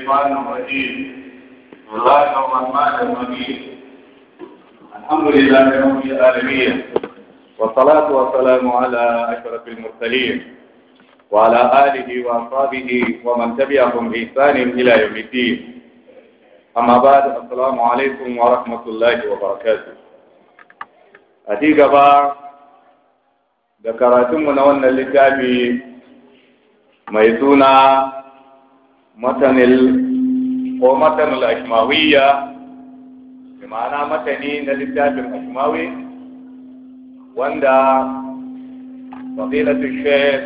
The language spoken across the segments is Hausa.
الشيطان الرجيم الله الرحمن الرحيم الحمد لله رب العالمين والصلاة والسلام على أشرف المرسلين وعلى آله وأصحابه ومن تبعهم بإحسان إلى يوم الدين أما بعد السلام عليكم ورحمة الله وبركاته أتيك جبا ذكرتم من أن اللي mai matanil ko matanil ashmawiya bi ma'ana matani na littafin ashmawi wanda fadilatu shaykh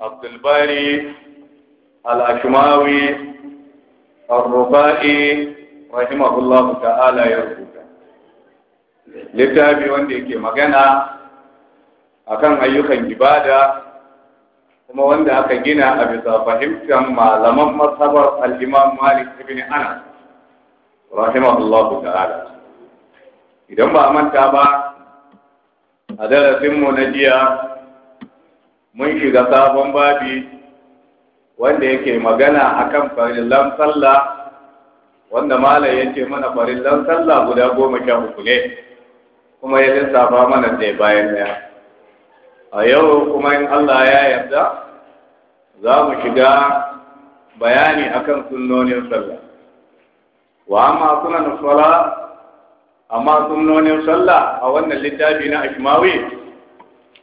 Abdulbari al-ashmawi الربائي رحمه الله تعالى يربط littafi wanda yake magana akan ayyukan ibada kuma wanda aka gina a bisa fahimtar malaman masabar al-Imam Malik ibn Anas rahimahullahu ta'ala idan ba manta ba a darasinmu na jiya mun shiga sabon babi wanda yake magana akan farillan sallah wanda malam ya ce mana farillan sallah guda goma sha uku ne kuma ya lissafa mana ɗaya bayan daya a yau kuma in Allah ya yarda za mu shiga bayani akan sunnonin sallah wa amma sunan sala amma sunnonin sallah a wannan littafi na ashmawi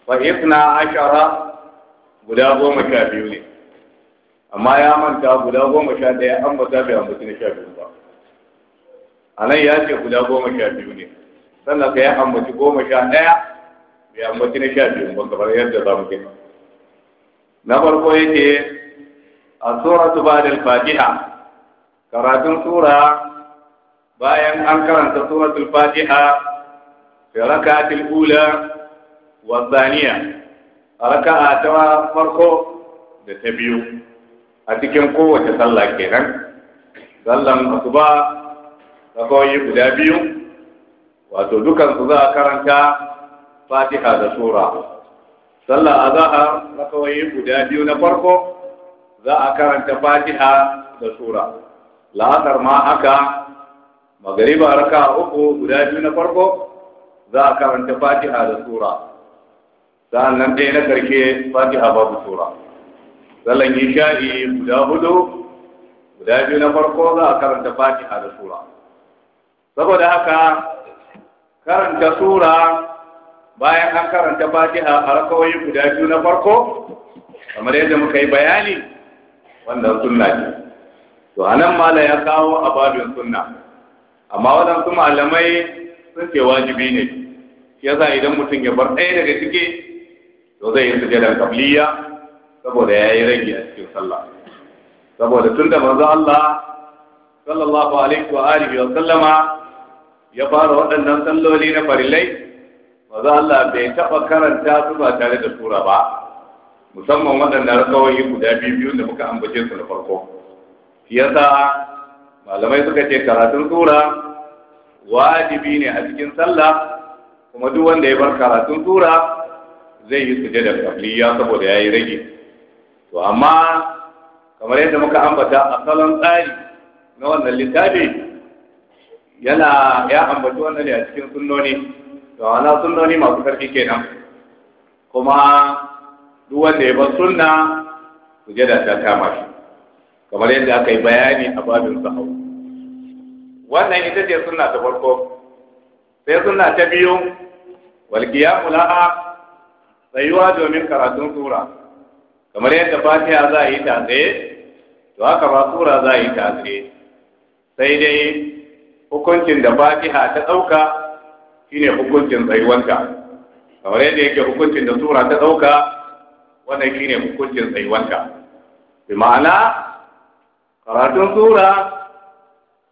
wa ifna ashara guda goma sha biyu ne amma ya manta guda goma sha ɗaya an ba ta a ambaci na sha biyu ba a nan ya ce guda goma sha biyu ne sannan ka yi ambaci goma sha ɗaya ya ambaci ne sha biyu ba kamar yadda za mu ke. na farko yake a suratu ba'dal fatiha karatun sura bayan an karanta suratul fatiha fi rak'atil ula wa thaniya raka'a ta farko da ta biyu a cikin kowace sallah kenan sallan asuba rakawoyi guda biyu wato dukansu za a karanta fatiha da sura sallar azahar rakawoyi guda biyu na farko za a karanta fatiha da sura la'asar ma haka magariba raka uku guda biyu na farko za a karanta fatiha da sura sa'an nan ɗaya na ƙarshe fatiha babu sura sallan isha'i guda hudu guda biyu na farko za a karanta fatiha da sura saboda haka karanta sura bayan an karanta fatiha a rakawai guda biyu na farko kamar yadda muka yi bayani wannan sunna ce to anan mala ya kawo a babin sunna amma waɗansu malamai sun ce wajibi ne yasa idan mutum ya bar ɗaya daga ciki to zai yi sujadar kabliya saboda ya yi rage a cikin sallah saboda tun da manzo Allah sallallahu alaihi wa alihi wa sallama ya fara waɗannan salloli na farilai maza Allah bai taɓa karanta su ba tare da sura ba musamman waɗanda rakawai guda biyu biyu da muka ambace su na farko yasa malamai suka ce karatun sura wajibi ne a cikin sallah kuma duk wanda ya bar karatun sura zai yi suje da kabliya saboda ya yi rage to amma kamar yadda muka ambata a salon tsari na wannan littafi yana ya ambaci wannan ne a cikin sunnoni to ana sunnoni masu karfi kenan kuma duk wanda ya bar sunna da ta kama shi kamar yadda aka yi bayani a babin sahau wannan ita ce sunna ta farko sai sunna ta biyu Walgiya kula'a tsayuwa domin karatun sura kamar yadda fatiha za a yi ta tsaye to haka ba sura za a yi ta tsaye sai dai hukuncin da fatiha ta ɗauka shine hukuncin tsayuwanta kamar yadda yake hukuncin da sura ta ɗauka wannan shine hukuncin tsayuwanta bi ma'ana karatun sura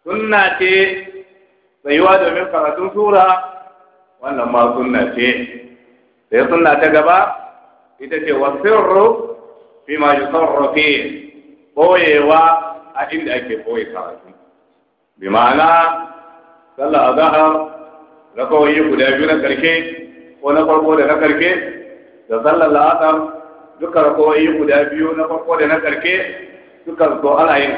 sunna ce tsayuwa domin karatun sura wannan ma sunna ce sai sunna ta gaba ita ce wasirru fi ma yusarrafi boyewa a inda ake boye karatu bi ma'ana sallah azhar yi guda biyu na karke ko na farko da na karke da sallar la'asar duka yi guda biyu na farko da na karke duka zo ana yin